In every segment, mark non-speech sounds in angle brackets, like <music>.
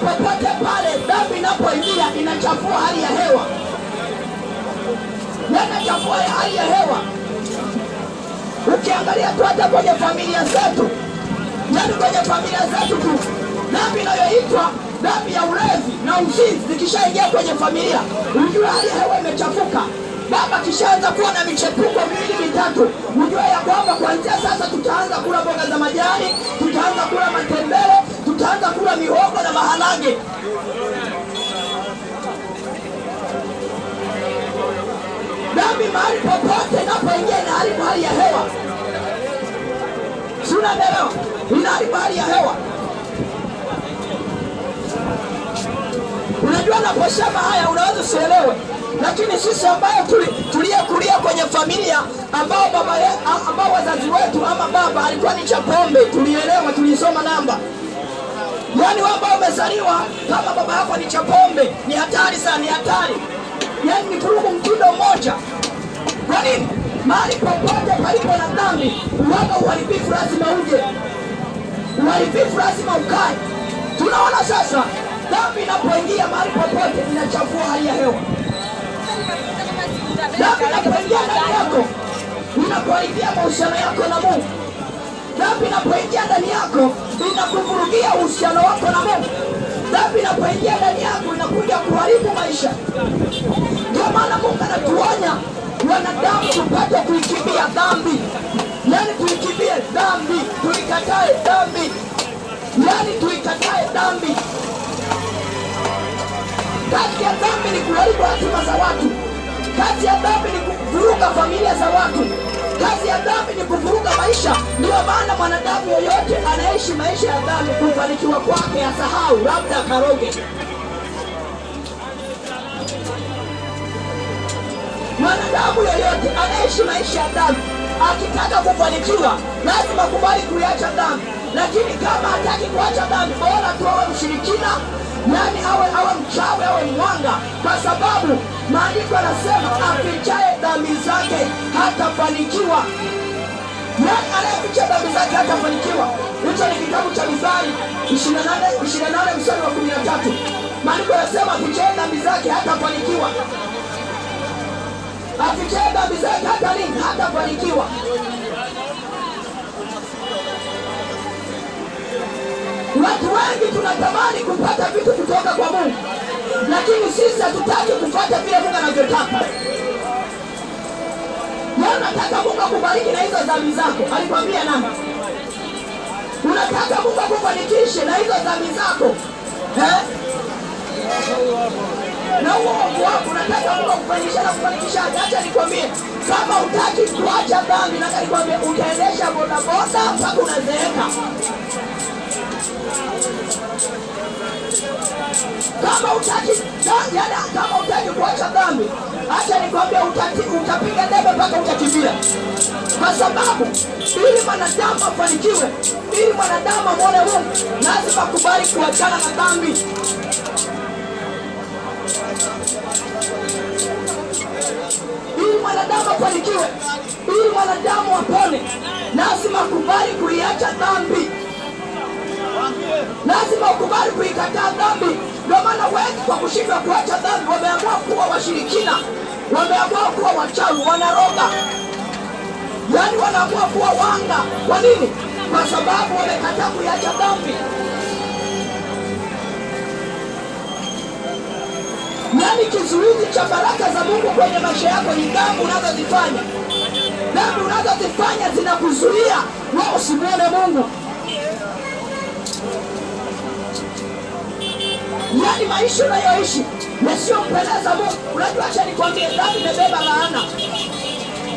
popote pale damu inapoingia inachafua hali ya hewa, yanachafua hali ya hewa. Ukiangalia tu hata kwenye familia zetu, yaani kwenye familia zetu tu, damu inayoitwa damu ya ulevi na uzinzi zikishaingia kwenye familia, ujue hali ya hewa imechafuka. Baba kishaanza kuwa na michepuko miwili mitatu, ujue ya kwamba kuanzia sasa tutaanza kula mboga za majani, tutaanza kula matembele utaanza kula mihogo na maharage. Dhambi mahali popote inapoingia inaharibu hali ya hewa, si unaelewa? Inaharibu hali ya hewa. Unajua, naposema haya unaweza usielewe, lakini sisi ambayo tuliyekulia kwenye familia ambao baba ambao wazazi wetu ama baba alikuwa ni cha pombe, tulielewa, tulisoma namba Yaani wewe ambaye umezaliwa kama baba yako ni Chapombe, ni hatari sana, ni hatari. Yaani ni kuruku mtindo mmoja. Kwa nini? Mahali popote palipo na dhambi, uwaga uharibifu lazima uje, uharibifu lazima ukae. Tunaona sasa dhambi inapoingia mahali popote inachafua hali ya hewa. Dhambi inapoingia ndani yako inakuharibia mahusiano yako na Mungu. Dhambi inapoingia ndani yako inakuvurugia uhusiano inapoingia ndani yako inakuja kuharibu maisha. Ndio maana Mungu anatuonya wanadamu tupate kuikimbia dhambi, yaani tuikimbie dhambi, tuikatae dhambi, yaani tuikatae dhambi. Kati ya dhambi ni kuharibu hatima za watu, kati ya dhambi ni kuvuruga familia za watu. Kazi ya dhambi ni kuvuruga maisha. Ndiyo maana mwanadamu yoyote anaishi maisha ya dhambi, kufanikiwa kwake asahau, labda akaroge. Mwanadamu yoyote anaishi maisha ya dhambi, akitaka kufanikiwa lazima kubali kuiacha dhambi, lakini kama hataki kuacha dhambi, bora tuowe mshirikina nani awe awe mchawi awe mwanga, kwa sababu maandiko yanasema afichaye dhambi zake hatafanikiwa. Nani anayeficha dhambi zake hatafanikiwa? Hicho ni kitabu cha Mithali 28 mstari wa 13. Maandiko yanasema afichaye dhambi zake hatafanikiwa, afichaye dhambi zake hata nini? Hatafanikiwa. Watu wengi tunatamani kupata vitu kutoka kwa Mungu, lakini sisi hatutaki kupata vile Mungu anavyotaka. Unataka Mungu akubariki na hizo dhambi zako, alikwambia nani? Unataka Mungu akufanikishe na hizo dhambi zako eh? na huo uovu wako unataka Mungu akufanikisha na kufanikisha. Acha nikwambie, kama utaki kuacha dhambi, nataka nikwambie, utaendesha bodaboda mpaka unazeeka. Kama utaki yaani, kama utaki kuacha dhambi, acha nikwambie, utapiga debe mpaka utakimbia, kwa sababu ili mwanadamu afanikiwe, ili mwanadamu amwone Mungu, lazima kubali kuachana na dhambi. Ili mwanadamu afanikiwe, ili mwanadamu apone, lazima kubali kuiacha dhambi lazima ukubali kuikataa dhambi. Ndio maana wengi kwa kushindwa kuacha dhambi wameamua kuwa washirikina, wameamua kuwa wachawi, wanaroga, yaani wanaamua kuwa wanga. Kwa nini? Kwa sababu wamekataa kuiacha dhambi. Nani kizuizi cha baraka za Mungu kwenye maisha yako ni dhambi unazozifanya. Dhambi unazozifanya zinakuzuia wewe usimwone Mungu. yani maisha unayoishi yasiyompendeza Mungu. Unajua, acha nikwambie, dhambi imebeba laana,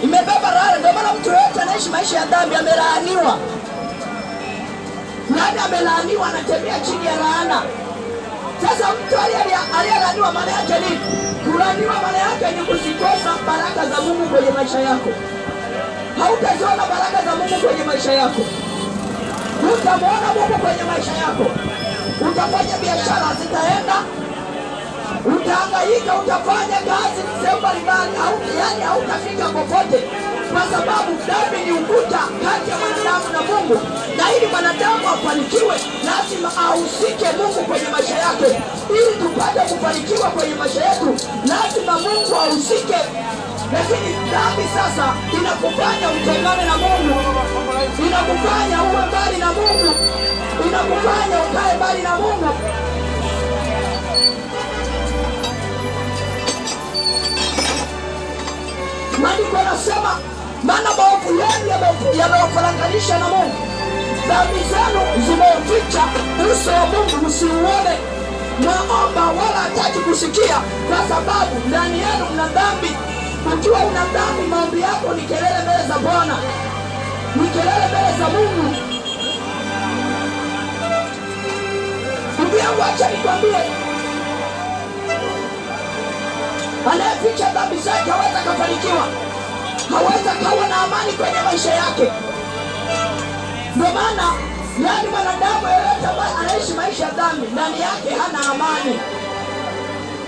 imebeba laana. Ndio maana mtu yoyote anaishi maisha ya dhambi amelaaniwa, yaani amelaaniwa, anatembea chini ya laana. Sasa mtu aliyelaaniwa maana yake nini? Kulaaniwa maana yake ni kuzikosa baraka za Mungu kwenye maisha yako. Hautaziona baraka za Mungu kwenye maisha yako, hutamwona Mungu kwenye maisha yako utafanya biashara zitaenda, utahangaika, utafanya kazi sehemu mbalimbali, yani hautafika popote, kwa sababu dhambi ni ukuta kati ya mwanadamu na Mungu, na ili mwanadamu afanikiwe lazima ahusike Mungu kwenye maisha yake. Ili tupate kufanikiwa kwenye maisha yetu, lazima Mungu ahusike, lakini dhambi sasa inakufanya utengane na Mungu inakufanya uwe mbali na Mungu, inakufanya ukae mbali na Mungu. Maandiko yanasema maana maovu yenu yamewafaranganisha na Mungu, dhambi zenu zimeuficha uso wa Mungu msiuone. Mwaomba wala hataki kusikia, kwa sababu ndani yenu mna dhambi. Ukiwa una dhambi, maombi yako ni kelele mbele za Bwana, ni kelele Mungu. Ndugu yangu, nikwambie, anayeficha dhambi zake hawezi akafanikiwa, hawezi akawa na amani kwenye maisha yake. Ndio maana yani, mwanadamu yeyote ambaye anaishi maisha ya dhambi, ndani yake hana amani.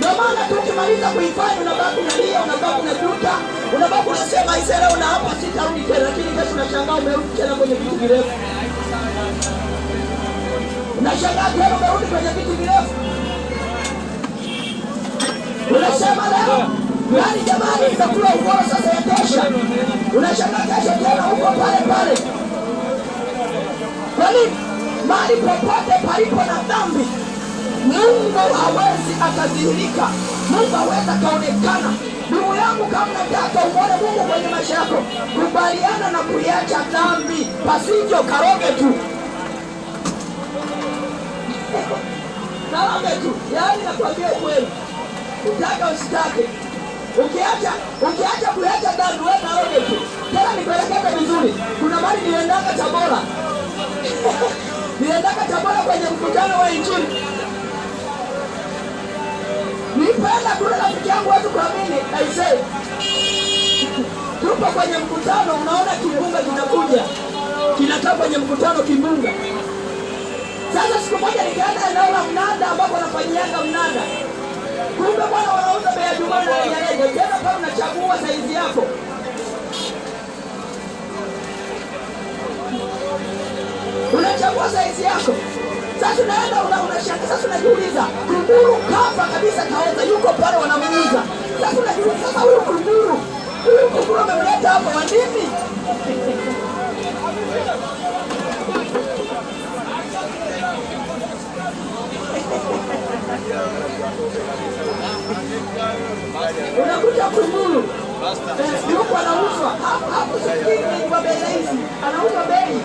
Ndio maana tukimaliza kuifanya unabaki unalia, unabaki unajuta, unabaki unasema aisee, leo na hapa sitarudi tena, lakini kesho unashangaa umerudi tena kwenye kitu kirefu. Unashangaa tena umerudi kwenye kitu kirefu. Unasema leo yaani, jamani, nimekula ugoro sasa yatosha. Unashangaa kesho tena uko pale pale. Kwani mali popote palipo na dhambi Mungu hawezi akadhihirika, Mungu hawezi akaonekana. Ndugu yangu, kama unataka umwone Mungu kwenye maisha yako, kubaliana na kuiacha dhambi, pasivyo karoge tu <laughs> karoge tu. Yaani nakwambia kweli, utake usitake, ukiacha ukiacha kuiacha dhambi, wewe karoge tu. Tena nikuelekeze vizuri, kuna mali niliendaka Tabora <laughs> niliendaka Tabora kwenye mkutano wa Injili Nilipoenda kule rafiki yangu watu kuamini, aisee, tupo kwenye mkutano, unaona kimbunga kinakuja, kinakaa kwenye mkutano kimbunga. Sasa siku moja nikaenda eneo la mnada ambapo wanafanyianga mnada, kumbe bwana wanauza bei ya jumla na rejareja, tena unachagua saizi yako unachagua saizi yako sasa unaenda una unashaka, sasa unajiuliza, kunguru kafa kabisa, kaoza, yuko pale wanamuuza. Sasa unajiuliza, sasa huyu kunguru, huyu kunguru amemleta hapo wa nini? Unakuja kunguru yuko anauzwa hapo hapo sikini kwa bei hizi, anauzwa bei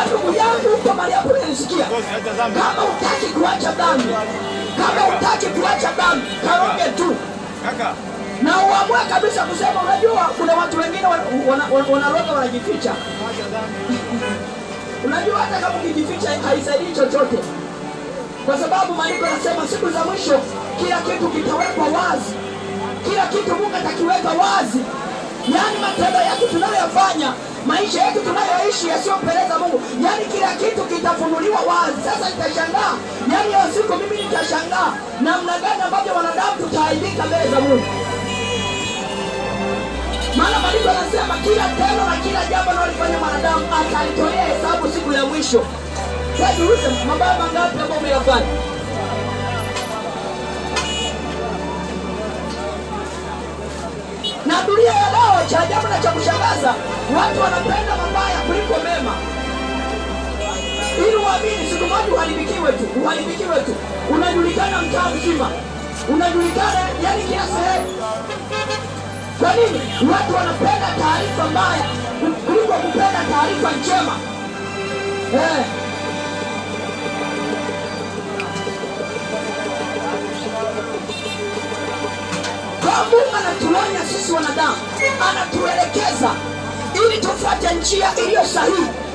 kwa ndugu yangu huko mahali hapo unanisikia, kama hutaki kuacha dhambi, kama hutaki kuacha dhambi, kaonge tu na uamue kabisa kusema. Unajua kuna watu wengine wanaroga, wanajificha. <laughs> Unajua hata kama ukijificha haisaidii chochote, kwa sababu maandiko yanasema siku za mwisho kila kitu kitawekwa wazi. Kila kitu Mungu atakiweka wazi, yaani matendo yake tunayoyafanya maisha yetu tunayoishi yasiyopeleza Mungu, yaani kila kitu kitafunuliwa wazi. Sasa nitashangaa, yaani hiyo siku mimi nitashangaa namna gani ambavyo wanadamu tutaaibika mbele za Mungu. Maana maandiko yanasema kila tendo na kila jambo analofanya mwanadamu atalitolea hesabu siku ya mwisho. Sasa tuulize, mabaya mangapi ambayo umeyafanya? na dunia ya dawa. Cha ajabu na cha kushangaza, watu wanapenda mabaya kuliko mema ili uamini. Siku moja uharibikiwe tu, uharibikiwe tu, unajulikana mtaa mzima, unajulikana yani kila sehemu. Kwa nini watu wanapenda taarifa mbaya kuliko kupenda taarifa njema? Eh. sababu anatuonya sisi wanadamu, anatuelekeza ili tufuate njia iliyo sahihi.